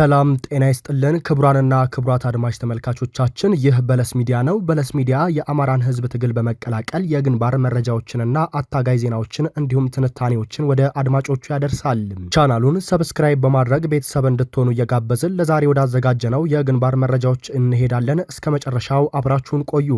ሰላም ጤና ይስጥልን ክቡራንና ክቡራት አድማጭ ተመልካቾቻችን፣ ይህ በለስ ሚዲያ ነው። በለስ ሚዲያ የአማራን ሕዝብ ትግል በመቀላቀል የግንባር መረጃዎችንና አታጋይ ዜናዎችን እንዲሁም ትንታኔዎችን ወደ አድማጮቹ ያደርሳል። ቻናሉን ሰብስክራይብ በማድረግ ቤተሰብ እንድትሆኑ እየጋበዝን ለዛሬ ወዳዘጋጀነው የግንባር መረጃዎች እንሄዳለን። እስከ መጨረሻው አብራችሁን ቆዩ።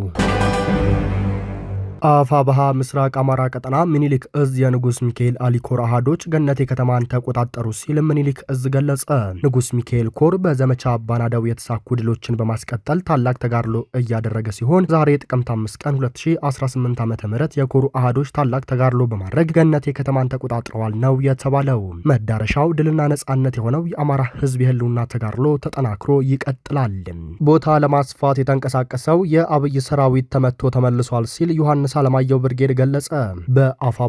አፋባሃ ምስራቅ አማራ ቀጠና ምኒልክ እዝ የንጉስ ሚካኤል አሊ ኮር አሃዶች ገነቴ ከተማን ተቆጣጠሩ ሲል ምኒልክ እዝ ገለጸ። ንጉስ ሚካኤል ኮር በዘመቻ አባናዳው የተሳኩ ድሎችን በማስቀጠል ታላቅ ተጋድሎ እያደረገ ሲሆን ዛሬ ጥቅምት 5 ቀን 2018 ዓ ም የኮሩ አሃዶች ታላቅ ተጋድሎ በማድረግ ገነቴ ከተማን ተቆጣጥረዋል ነው የተባለው። መዳረሻው ድልና ነጻነት የሆነው የአማራ ህዝብ የህልውና ተጋድሎ ተጠናክሮ ይቀጥላል። ቦታ ለማስፋት የተንቀሳቀሰው የአብይ ሰራዊት ተመቶ ተመልሷል ሲል ዮሐንስ ዮሐንስ አለማየሁ ብርጌድ ገለጸ።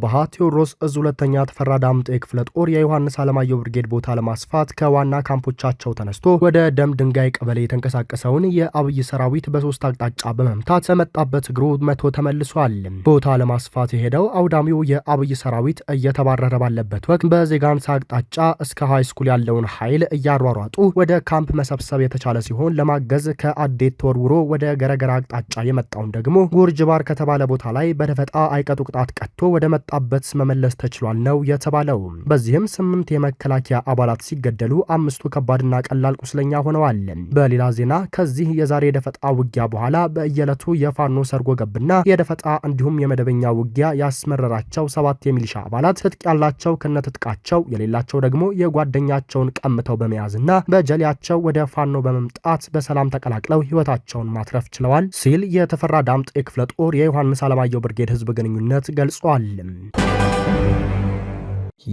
ባሃ ቴዎድሮስ እዝ ሁለተኛ ተፈራ ዳምጤ ክፍለ ጦር የዮሐንስ አለማየሁ ብርጌድ ቦታ ለማስፋት ከዋና ካምፖቻቸው ተነስቶ ወደ ደም ድንጋይ ቀበሌ የተንቀሳቀሰውን የአብይ ሰራዊት በሶስት አቅጣጫ በመምታት በመጣበት እግሩ መቶ ተመልሷል። ቦታ ለማስፋት የሄደው አውዳሚው የአብይ ሰራዊት እየተባረረ ባለበት ወቅት በዜጋንሳ አቅጣጫ እስከ ሃይስኩል ስኩል ያለውን ኃይል እያሯሯጡ ወደ ካምፕ መሰብሰብ የተቻለ ሲሆን ለማገዝ ከአዴት ተወርውሮ ወደ ገረገራ አቅጣጫ የመጣውን ደግሞ ጉርጅባር ከተባለ ቦታ ላይ በደፈጣ አይቀጡ ቅጣት ቀጥቶ ወደ መጣበት መመለስ ተችሏል ነው የተባለው። በዚህም ስምንት የመከላከያ አባላት ሲገደሉ አምስቱ ከባድና ቀላል ቁስለኛ ሆነዋል። በሌላ ዜና ከዚህ የዛሬ የደፈጣ ውጊያ በኋላ በየዕለቱ የፋኖ ሰርጎ ገብና የደፈጣ እንዲሁም የመደበኛ ውጊያ ያስመረራቸው ሰባት የሚሊሻ አባላት ትጥቅ ያላቸው ከነትጥቃቸው የሌላቸው ደግሞ የጓደኛቸውን ቀምተው በመያዝና በጀሌያቸው ወደ ፋኖ በመምጣት በሰላም ተቀላቅለው ህይወታቸውን ማትረፍ ችለዋል ሲል የተፈራ ዳምጥ የክፍለ ጦር የዮሐንስ አለማ የሸዋየው ብርጌድ ህዝብ ግንኙነት ገልጿል።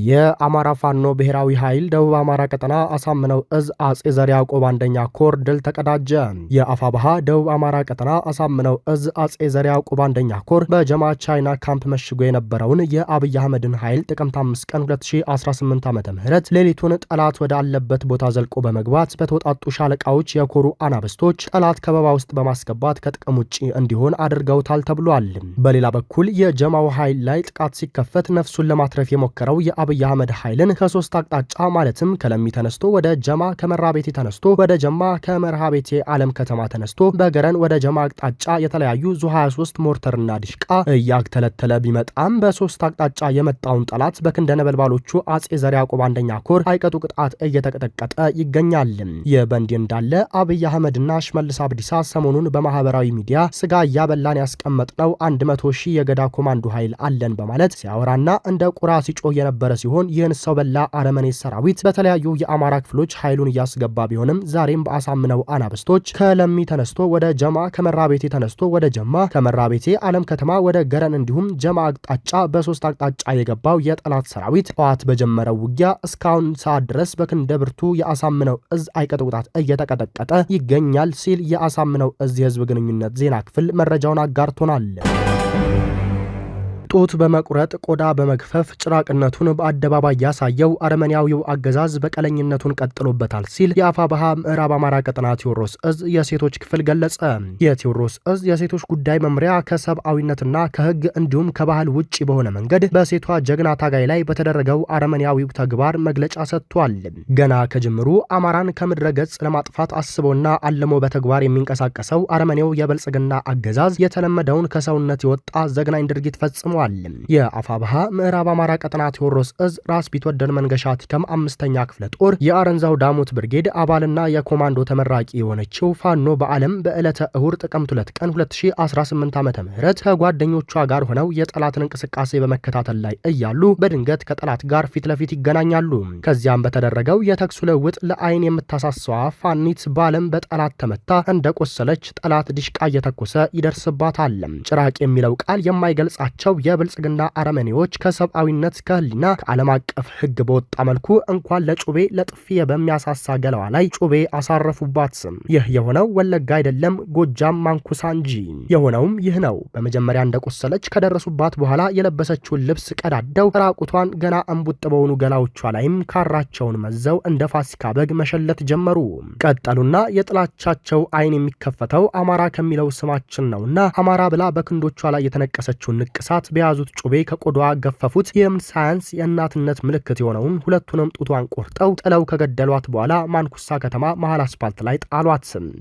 የአማራ ፋኖ ብሔራዊ ኃይል ደቡብ አማራ ቀጠና አሳምነው እዝ አጼ ዘር ያዕቆብ አንደኛ ኮር ድል ተቀዳጀ። የአፋባሃ ደቡብ አማራ ቀጠና አሳምነው እዝ አጼ ዘር ያዕቆብ አንደኛ ኮር በጀማ ቻይና ካምፕ መሽጎ የነበረውን የአብይ አህመድን ኃይል ጥቅምት 5 ቀን 2018 ዓ ም ሌሊቱን ጠላት ወዳለበት ቦታ ዘልቆ በመግባት በተወጣጡ ሻለቃዎች የኮሩ አናብስቶች ጠላት ከበባ ውስጥ በማስገባት ከጥቅም ውጭ እንዲሆን አድርገውታል ተብሏል። በሌላ በኩል የጀማው ኃይል ላይ ጥቃት ሲከፈት ነፍሱን ለማትረፍ የሞከረው የአብይ አህመድ ኃይልን ከሶስት አቅጣጫ ማለትም ከለሚ ተነስቶ ወደ ጀማ፣ ከመራ ቤቴ ተነስቶ ወደ ጀማ፣ ከመርሃ ቤቴ አለም ከተማ ተነስቶ በገረን ወደ ጀማ አቅጣጫ የተለያዩ ዙ 23 ሞርተርና ዲሽቃ እያተለተለ ቢመጣም በሶስት አቅጣጫ የመጣውን ጠላት በክንደ ነበልባሎቹ አጼ ዘር ያዕቆብ አንደኛ ኮር አይቀጡ ቅጣት እየተቀጠቀጠ ይገኛል። ይህ በእንዲህ እንዳለ አብይ አህመድና ሽመልስ አብዲሳ ሰሞኑን በማህበራዊ ሚዲያ ስጋ እያበላን ያስቀመጥነው 100 ሺህ የገዳ ኮማንዶ ኃይል አለን በማለት ሲያወራና እንደ ቁራ ሲጮህ የነበ የነበረ ሲሆን ይህን ሰው በላ አረመኔ ሰራዊት በተለያዩ የአማራ ክፍሎች ኃይሉን እያስገባ ቢሆንም ዛሬም በአሳምነው አናብስቶች ከለሚ ተነስቶ ወደ ጀማ፣ ከመራ ቤቴ ተነስቶ ወደ ጀማ፣ ከመራ ቤቴ አለም ከተማ ወደ ገረን እንዲሁም ጀማ አቅጣጫ በሶስት አቅጣጫ የገባው የጠላት ሰራዊት ጠዋት በጀመረው ውጊያ እስካሁን ሰዓት ድረስ በክንደ ብርቱ የአሳምነው እዝ አይቀጥ እየተቀጠቀጠ ይገኛል ሲል የአሳምነው እዝ የህዝብ ግንኙነት ዜና ክፍል መረጃውን አጋርቶናል። ጡት በመቁረጥ ቆዳ በመግፈፍ ጭራቅነቱን በአደባባይ ያሳየው አረመኔያዊው አገዛዝ በቀለኝነቱን ቀጥሎበታል ሲል የአፋብኃ ምዕራብ አማራ ቀጠና ቴዎድሮስ እዝ የሴቶች ክፍል ገለጸ። የቴዎድሮስ እዝ የሴቶች ጉዳይ መምሪያ ከሰብአዊነትና ከህግ እንዲሁም ከባህል ውጭ በሆነ መንገድ በሴቷ ጀግና ታጋይ ላይ በተደረገው አረመኔያዊው ተግባር መግለጫ ሰጥቷል። ገና ከጅምሩ አማራን ከምድረ ገጽ ለማጥፋት አስቦና አልሞ በተግባር የሚንቀሳቀሰው አረመኔው የብልጽግና አገዛዝ የተለመደውን ከሰውነት የወጣ ዘግናኝ ድርጊት ፈጽሟል። ገልጸዋል። የአፋብሃ ምዕራብ አማራ ቀጠና ቴዎድሮስ እዝ ራስ ቢትወደድ መንገሻ ቲከም አምስተኛ ክፍለ ጦር የአረንዛው ዳሞት ብርጌድ አባልና የኮማንዶ ተመራቂ የሆነችው ፋኖ በዓለም በዕለተ እሁድ ጥቅምት 2 ቀን 2018 ዓ ም ከጓደኞቿ ጋር ሆነው የጠላትን እንቅስቃሴ በመከታተል ላይ እያሉ በድንገት ከጠላት ጋር ፊት ለፊት ይገናኛሉ። ከዚያም በተደረገው የተኩስ ልውውጥ ለአይን የምታሳሰዋ ፋኒት በዓለም በጠላት ተመታ እንደቆሰለች ጠላት ዲሽቃ እየተኮሰ ይደርስባታል። ጭራቅ የሚለው ቃል የማይገልጻቸው የብልጽግና አረመኔዎች ከሰብአዊነት ከህሊና ከዓለም አቀፍ ህግ በወጣ መልኩ እንኳን ለጩቤ ለጥፊየ በሚያሳሳ ገለዋ ላይ ጩቤ አሳረፉባት። ስም ይህ የሆነው ወለጋ አይደለም ጎጃም ማንኩሳ እንጂ። የሆነውም ይህ ነው። በመጀመሪያ እንደቆሰለች ከደረሱባት በኋላ የለበሰችውን ልብስ ቀዳደው ራቁቷን ገና እምቡጥ በሆኑ ገላዎቿ ላይም ካራቸውን መዘው እንደ ፋሲካ በግ መሸለት ጀመሩ። ቀጠሉና የጥላቻቸው አይን የሚከፈተው አማራ ከሚለው ስማችን ነውና አማራ ብላ በክንዶቿ ላይ የተነቀሰችውን ንቅሳት በያዙት ጩቤ ከቆዳዋ ገፈፉት። ይህም ሳያንስ የእናትነት ምልክት የሆነውን ሁለቱንም ጡቷን ቆርጠው ጥለው ከገደሏት በኋላ ማንኩሳ ከተማ መሀል አስፓልት ላይ ጣሏት።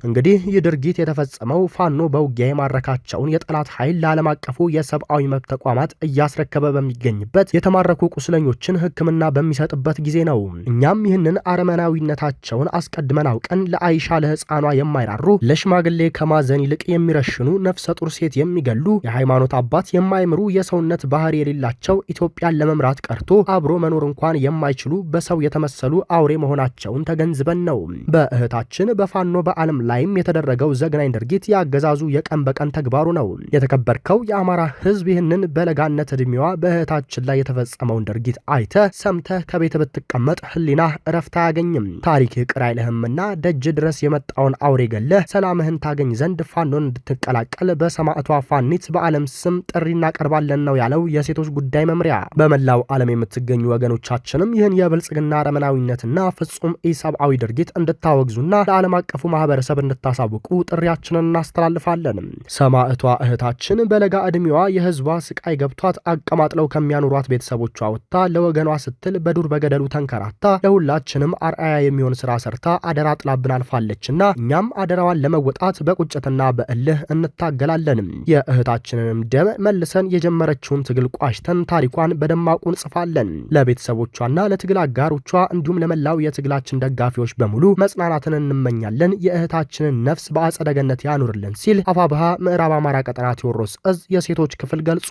እንግዲህ ይህ ድርጊት የተፈጸመው ፋኖ በውጊያ የማረካቸውን የጠላት ኃይል ለዓለም አቀፉ የሰብአዊ መብት ተቋማት እያስረከበ በሚገኝበት የተማረኩ ቁስለኞችን ሕክምና በሚሰጥበት ጊዜ ነው። እኛም ይህንን አረመናዊነታቸውን አስቀድመን አውቀን ለአይሻ ለሕፃኗ የማይራሩ ለሽማግሌ ከማዘን ይልቅ የሚረሽኑ ነፍሰ ጡር ሴት የሚገሉ የሃይማኖት አባት የማይምሩ የሰውነት ባህሪ የሌላቸው ኢትዮጵያን ለመምራት ቀርቶ አብሮ መኖር እንኳን የማይችሉ በሰው የተመሰሉ አውሬ መሆናቸውን ተገንዝበን ነው። በእህታችን በፋኖ በዓለም ላይም የተደረገው ዘግናኝ ድርጊት ያገዛዙ የቀን በቀን ተግባሩ ነው። የተከበርከው የአማራ ህዝብ ይህንን በለጋነት እድሜዋ በእህታችን ላይ የተፈጸመውን ድርጊት አይተ ሰምተ ከቤት ብትቀመጥ ህሊና እረፍት አያገኝም። ታሪክ ቅር አይልህምና ደጅ ድረስ የመጣውን አውሬ ገለህ ሰላምህን ታገኝ ዘንድ ፋኖን እንድትቀላቀል በሰማዕቷ ፋኒት በዓለም ስም ጥሪ እናቀርባለን። አሳዝነን ነው ያለው የሴቶች ጉዳይ መምሪያ። በመላው ዓለም የምትገኙ ወገኖቻችንም ይህን የብልጽግና ረመናዊነትና ፍጹም ኢሰብአዊ ድርጊት እንድታወግዙና ለዓለም አቀፉ ማህበረሰብ እንድታሳውቁ ጥሪያችንን እናስተላልፋለን። ሰማዕቷ እህታችን በለጋ ዕድሜዋ የህዝቧ ስቃይ ገብቷት አቀማጥለው ከሚያኖሯት ቤተሰቦቿ ወጥታ ለወገኗ ስትል በዱር በገደሉ ተንከራታ ለሁላችንም አርአያ የሚሆን ስራ ሰርታ አደራ ጥላብን አልፋለችና እኛም አደራዋን ለመወጣት በቁጭትና በእልህ እንታገላለንም። የእህታችንንም ደም መልሰን የጀመ የጀመረችውን ትግል ቋሽተን ታሪኳን በደማቁ እንጽፋለን። ለቤተሰቦቿና ለትግል አጋሮቿ እንዲሁም ለመላው የትግላችን ደጋፊዎች በሙሉ መጽናናትን እንመኛለን። የእህታችንን ነፍስ በአጸደ ገነት ያኑርልን ሲል አፋብሃ ምዕራብ አማራ ቀጠና ቴዎድሮስ እዝ የሴቶች ክፍል ገልጿል።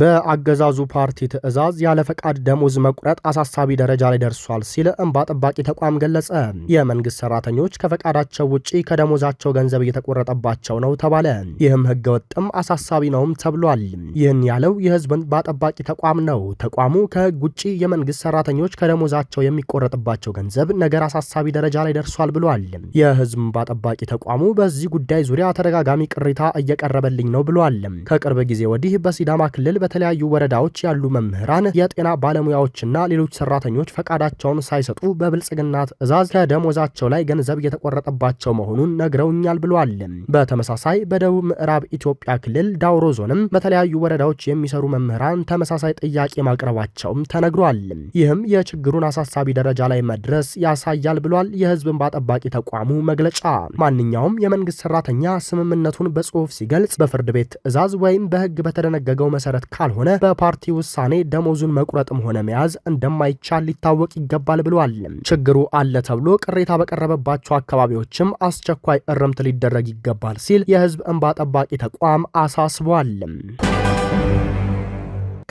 በአገዛዙ ፓርቲ ትዕዛዝ ፈቃድ ደሞዝ መቁረጥ አሳሳቢ ደረጃ ላይ ደርሷል ሲል እንባ ጠባቂ ተቋም ገለጸ። የመንግስት ሰራተኞች ከፈቃዳቸው ውጪ ከደሞዛቸው ገንዘብ እየተቆረጠባቸው ነው ተባለ። ይህም ህገወጥም አሳሳቢ ነውም ተብሏል። ይህን ያለው የህዝብ እንባ ጠባቂ ተቋም ነው። ተቋሙ ከህግ ውጪ የመንግስት ሰራተኞች ከደሞዛቸው የሚቆረጥባቸው ገንዘብ ነገር አሳሳቢ ደረጃ ላይ ደርሷል ብሏል። የህዝብ እንባ ጠባቂ ተቋሙ በዚህ ጉዳይ ዙሪያ ተደጋጋሚ ቅሬታ እየቀረበልኝ ነው ብሏል። ከቅርብ ጊዜ ወዲህ በሲዳማ ክልል በተለያዩ ወረዳዎች ያሉ መምህራን፣ የጤና ባለሙያዎችና ሌሎች ሰራተኞች ፈቃዳቸውን ሳይሰጡ በብልጽግና ትዕዛዝ ከደሞዛቸው ላይ ገንዘብ እየተቆረጠባቸው መሆኑን ነግረውኛል ብለዋል። በተመሳሳይ በደቡብ ምዕራብ ኢትዮጵያ ክልል ዳውሮ ዞንም በተለያዩ ወረዳዎች የሚሰሩ መምህራን ተመሳሳይ ጥያቄ ማቅረባቸውም ተነግሯል። ይህም የችግሩን አሳሳቢ ደረጃ ላይ መድረስ ያሳያል ብሏል የህዝብን እንባ ተቋሙ መግለጫ። ማንኛውም የመንግስት ሰራተኛ ስምምነቱን በጽሁፍ ሲገልጽ በፍርድ ቤት ትዕዛዝ ወይም በህግ በተደነገገው መሰረት መሰረት ካልሆነ በፓርቲ ውሳኔ ደሞዙን መቁረጥም ሆነ መያዝ እንደማይቻል ሊታወቅ ይገባል ብለዋል። ችግሩ አለ ተብሎ ቅሬታ በቀረበባቸው አካባቢዎችም አስቸኳይ እርምት ሊደረግ ይገባል ሲል የህዝብ እንባ ጠባቂ ተቋም አሳስቧል።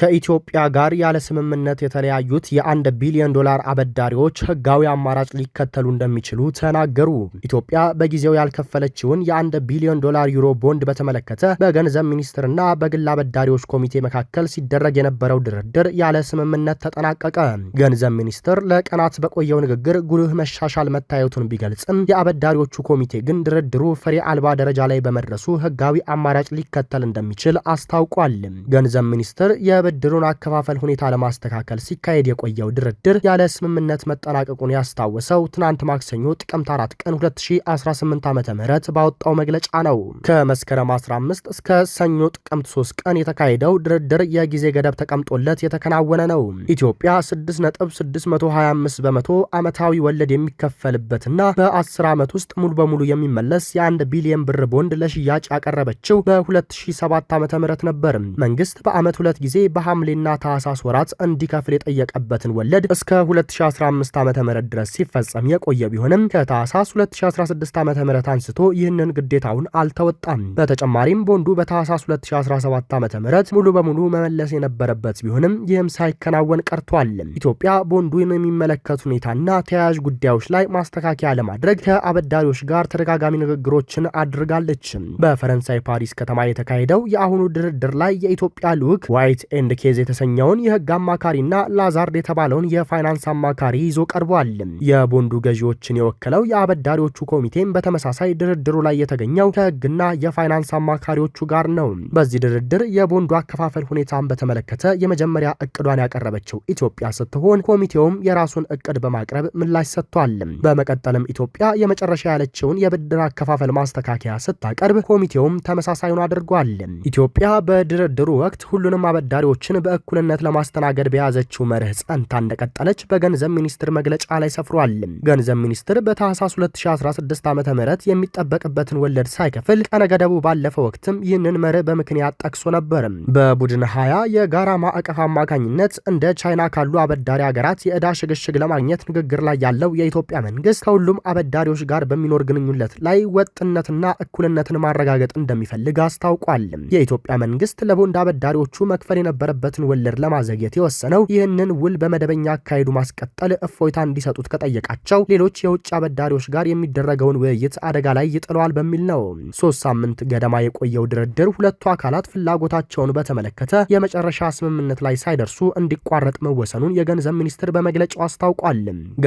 ከኢትዮጵያ ጋር ያለ ስምምነት የተለያዩት የአንድ ቢሊዮን ዶላር አበዳሪዎች ህጋዊ አማራጭ ሊከተሉ እንደሚችሉ ተናገሩ። ኢትዮጵያ በጊዜው ያልከፈለችውን የአንድ ቢሊዮን ዶላር ዩሮ ቦንድ በተመለከተ በገንዘብ ሚኒስትርና በግል አበዳሪዎች ኮሚቴ መካከል ሲደረግ የነበረው ድርድር ያለ ስምምነት ተጠናቀቀ። ገንዘብ ሚኒስትር ለቀናት በቆየው ንግግር ጉልህ መሻሻል መታየቱን ቢገልጽም የአበዳሪዎቹ ኮሚቴ ግን ድርድሩ ፍሬ አልባ ደረጃ ላይ በመድረሱ ህጋዊ አማራጭ ሊከተል እንደሚችል አስታውቋል። ገንዘብ ሚኒስትር የብድሩን አከፋፈል ሁኔታ ለማስተካከል ሲካሄድ የቆየው ድርድር ያለ ስምምነት መጠናቀቁን ያስታወሰው ትናንት ማክሰኞ ጥቅምት 4 ቀን 2018 ዓ ም ባወጣው መግለጫ ነው። ከመስከረም 15 እስከ ሰኞ ጥቅምት 3 ቀን የተካሄደው ድርድር የጊዜ ገደብ ተቀምጦለት የተከናወነ ነው። ኢትዮጵያ 6.625 በመቶ ዓመታዊ ወለድ የሚከፈልበትና በ10 ዓመት ውስጥ ሙሉ በሙሉ የሚመለስ የ1 ቢሊየን ብር ቦንድ ለሽያጭ ያቀረበችው በ2007 ዓ ም ነበር። መንግስት በዓመት ሁለት ጊዜ በ በሐምሌና ታህሳስ ወራት እንዲከፍል የጠየቀበትን ወለድ እስከ 2015 ዓ ም ድረስ ሲፈጸም የቆየ ቢሆንም ከታህሳስ 2016 ዓ ም አንስቶ ይህንን ግዴታውን አልተወጣም። በተጨማሪም ቦንዱ በታህሳስ 2017 ዓ ም ሙሉ በሙሉ መመለስ የነበረበት ቢሆንም ይህም ሳይከናወን ቀርቷል። ኢትዮጵያ ቦንዱን የሚመለከት ሁኔታና ተያያዥ ጉዳዮች ላይ ማስተካከያ ለማድረግ ከአበዳሪዎች ጋር ተደጋጋሚ ንግግሮችን አድርጋለች። በፈረንሳይ ፓሪስ ከተማ የተካሄደው የአሁኑ ድርድር ላይ የኢትዮጵያ ልዑክ ዋይት ኤንድ አንድ ኬዝ የተሰኘውን የህግ አማካሪና ላዛርድ የተባለውን የፋይናንስ አማካሪ ይዞ ቀርቧል። የቦንዱ ገዢዎችን የወከለው የአበዳሪዎቹ ኮሚቴም በተመሳሳይ ድርድሩ ላይ የተገኘው ከህግና የፋይናንስ አማካሪዎቹ ጋር ነው። በዚህ ድርድር የቦንዱ አከፋፈል ሁኔታን በተመለከተ የመጀመሪያ እቅዷን ያቀረበችው ኢትዮጵያ ስትሆን ኮሚቴውም የራሱን እቅድ በማቅረብ ምላሽ ሰጥቷል። በመቀጠልም ኢትዮጵያ የመጨረሻ ያለችውን የብድር አከፋፈል ማስተካከያ ስታቀርብ ኮሚቴውም ተመሳሳዩን አድርጓል። ኢትዮጵያ በድርድሩ ወቅት ሁሉንም አበዳሪዎች ተማሪዎችን በእኩልነት ለማስተናገድ በያዘችው መርህ ጸንታ እንደቀጠለች በገንዘብ ሚኒስትር መግለጫ ላይ ሰፍሯል። ገንዘብ ሚኒስትር በታህሳስ 2016 ዓ ም የሚጠበቅበትን ወለድ ሳይከፍል ቀነ ገደቡ ባለፈው ወቅትም ይህንን መርህ በምክንያት ጠቅሶ ነበር። በቡድን ሀያ የጋራ ማዕቀፍ አማካኝነት እንደ ቻይና ካሉ አበዳሪ ሀገራት የዕዳ ሽግሽግ ለማግኘት ንግግር ላይ ያለው የኢትዮጵያ መንግስት ከሁሉም አበዳሪዎች ጋር በሚኖር ግንኙነት ላይ ወጥነትና እኩልነትን ማረጋገጥ እንደሚፈልግ አስታውቋል። የኢትዮጵያ መንግስት ለቦንድ አበዳሪዎቹ መክፈል የነበ የነበረበትን ወለድ ለማዘግየት የወሰነው ይህንን ውል በመደበኛ አካሄዱ ማስቀጠል እፎይታ እንዲሰጡት ከጠየቃቸው ሌሎች የውጭ አበዳሪዎች ጋር የሚደረገውን ውይይት አደጋ ላይ ይጥለዋል በሚል ነው። ሶስት ሳምንት ገደማ የቆየው ድርድር ሁለቱ አካላት ፍላጎታቸውን በተመለከተ የመጨረሻ ስምምነት ላይ ሳይደርሱ እንዲቋረጥ መወሰኑን የገንዘብ ሚኒስትር በመግለጫው አስታውቋል።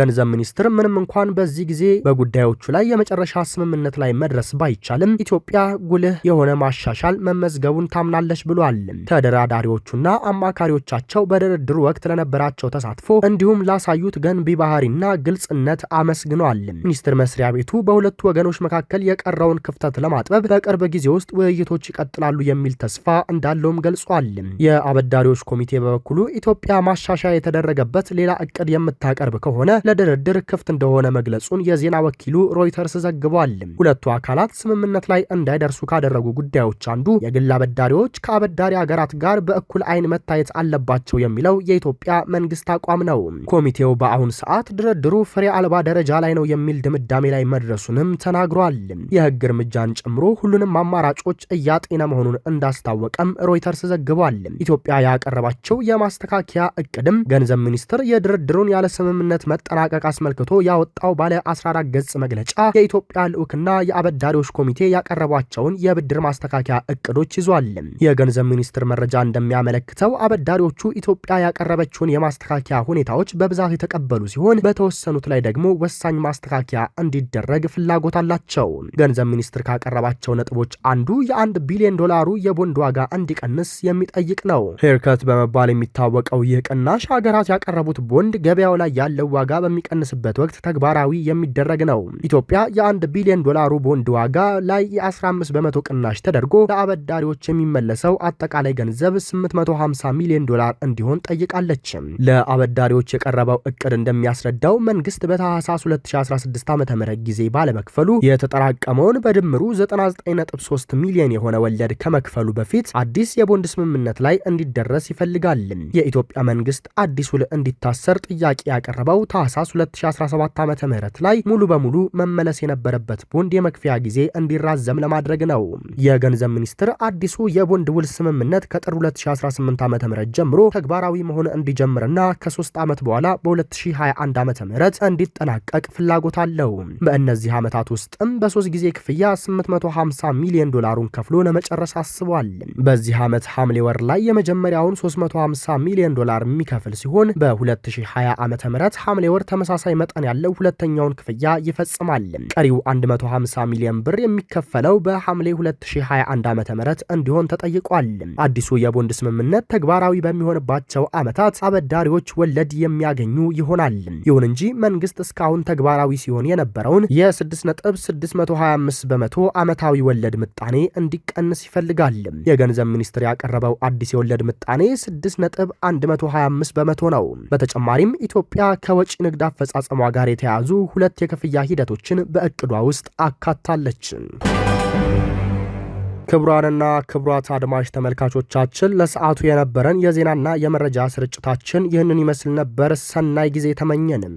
ገንዘብ ሚኒስትር ምንም እንኳን በዚህ ጊዜ በጉዳዮቹ ላይ የመጨረሻ ስምምነት ላይ መድረስ ባይቻልም ኢትዮጵያ ጉልህ የሆነ ማሻሻል መመዝገቡን ታምናለች ብሏል። ተደራዳሪዎቹና እና አማካሪዎቻቸው በድርድሩ ወቅት ለነበራቸው ተሳትፎ እንዲሁም ላሳዩት ገንቢ ባህሪና ግልጽነት አመስግኗል። ሚኒስትር መስሪያ ቤቱ በሁለቱ ወገኖች መካከል የቀረውን ክፍተት ለማጥበብ በቅርብ ጊዜ ውስጥ ውይይቶች ይቀጥላሉ የሚል ተስፋ እንዳለውም ገልጿል። የአበዳሪዎች ኮሚቴ በበኩሉ ኢትዮጵያ ማሻሻያ የተደረገበት ሌላ እቅድ የምታቀርብ ከሆነ ለድርድር ክፍት እንደሆነ መግለጹን የዜና ወኪሉ ሮይተርስ ዘግቧል። ሁለቱ አካላት ስምምነት ላይ እንዳይደርሱ ካደረጉ ጉዳዮች አንዱ የግል አበዳሪዎች ከአበዳሪ ሀገራት ጋር በእኩል አይን መታየት አለባቸው የሚለው የኢትዮጵያ መንግስት አቋም ነው። ኮሚቴው በአሁን ሰዓት ድርድሩ ፍሬ አልባ ደረጃ ላይ ነው የሚል ድምዳሜ ላይ መድረሱንም ተናግሯል። የህግ እርምጃን ጨምሮ ሁሉንም አማራጮች እያጤነ መሆኑን እንዳስታወቀም ሮይተርስ ዘግቧል። ኢትዮጵያ ያቀረባቸው የማስተካከያ እቅድም ገንዘብ ሚኒስቴር የድርድሩን ያለ ስምምነት መጠናቀቅ አስመልክቶ ያወጣው ባለ 14 ገጽ መግለጫ የኢትዮጵያ ልዑክና የአበዳሪዎች ኮሚቴ ያቀረቧቸውን የብድር ማስተካከያ እቅዶች ይዟል። የገንዘብ ሚኒስቴር መረጃ እንደሚያመለክ አመልክተው አበዳሪዎቹ ኢትዮጵያ ያቀረበችውን የማስተካከያ ሁኔታዎች በብዛት የተቀበሉ ሲሆን በተወሰኑት ላይ ደግሞ ወሳኝ ማስተካከያ እንዲደረግ ፍላጎት አላቸው። ገንዘብ ሚኒስትር ካቀረባቸው ነጥቦች አንዱ የአንድ ቢሊዮን ዶላሩ የቦንድ ዋጋ እንዲቀንስ የሚጠይቅ ነው። ሄርከት በመባል የሚታወቀው ይህ ቅናሽ ሀገራት ያቀረቡት ቦንድ ገበያው ላይ ያለው ዋጋ በሚቀንስበት ወቅት ተግባራዊ የሚደረግ ነው። ኢትዮጵያ የአንድ ቢሊዮን ዶላሩ ቦንድ ዋጋ ላይ የ15 በመቶ ቅናሽ ተደርጎ ለአበዳሪዎች የሚመለሰው አጠቃላይ ገንዘብ 8 150 ሚሊዮን ዶላር እንዲሆን ጠይቃለች። ለአበዳሪዎች የቀረበው እቅድ እንደሚያስረዳው መንግስት በታህሳስ 2016 ዓ ም ጊዜ ባለመክፈሉ የተጠራቀመውን በድምሩ 99.3 ሚሊዮን የሆነ ወለድ ከመክፈሉ በፊት አዲስ የቦንድ ስምምነት ላይ እንዲደረስ ይፈልጋል። የኢትዮጵያ መንግስት አዲስ ውል እንዲታሰር ጥያቄ ያቀረበው ታህሳስ 2017 ዓ ም ላይ ሙሉ በሙሉ መመለስ የነበረበት ቦንድ የመክፈያ ጊዜ እንዲራዘም ለማድረግ ነው። የገንዘብ ሚኒስትር አዲሱ የቦንድ ውል ስምምነት ከጥር 2018 2018 ዓ.ም ጀምሮ ተግባራዊ መሆን እንዲጀምርና ከሶስት ዓመት በኋላ በ2021 ዓ.ም እንዲጠናቀቅ ፍላጎት አለው። በእነዚህ ዓመታት ውስጥም በሶስት ጊዜ ክፍያ 850 ሚሊዮን ዶላሩን ከፍሎ ለመጨረስ አስቧል። በዚህ ዓመት ሐምሌ ወር ላይ የመጀመሪያውን 350 ሚሊዮን ዶላር የሚከፍል ሲሆን በ2020 ዓ ም ሐምሌ ወር ተመሳሳይ መጠን ያለው ሁለተኛውን ክፍያ ይፈጽማል። ቀሪው 150 ሚሊዮን ብር የሚከፈለው በሐምሌ 2021 ዓ ም እንዲሆን ተጠይቋል። አዲሱ የቦንድ ስምምነት ስምምነት ተግባራዊ በሚሆንባቸው ዓመታት አበዳሪዎች ወለድ የሚያገኙ ይሆናል። ይሁን እንጂ መንግስት እስካሁን ተግባራዊ ሲሆን የነበረውን የ6.625 በመቶ ዓመታዊ ወለድ ምጣኔ እንዲቀንስ ይፈልጋል። የገንዘብ ሚኒስቴር ያቀረበው አዲስ የወለድ ምጣኔ 6.125 በመቶ ነው። በተጨማሪም ኢትዮጵያ ከወጪ ንግድ አፈጻጸሟ ጋር የተያያዙ ሁለት የክፍያ ሂደቶችን በእቅዷ ውስጥ አካታለች። ክቡራንና ክቡራት አድማጭ ተመልካቾቻችን ለሰዓቱ የነበረን የዜናና የመረጃ ስርጭታችን ይህንን ይመስል ነበር። ሰናይ ጊዜ ተመኘንም።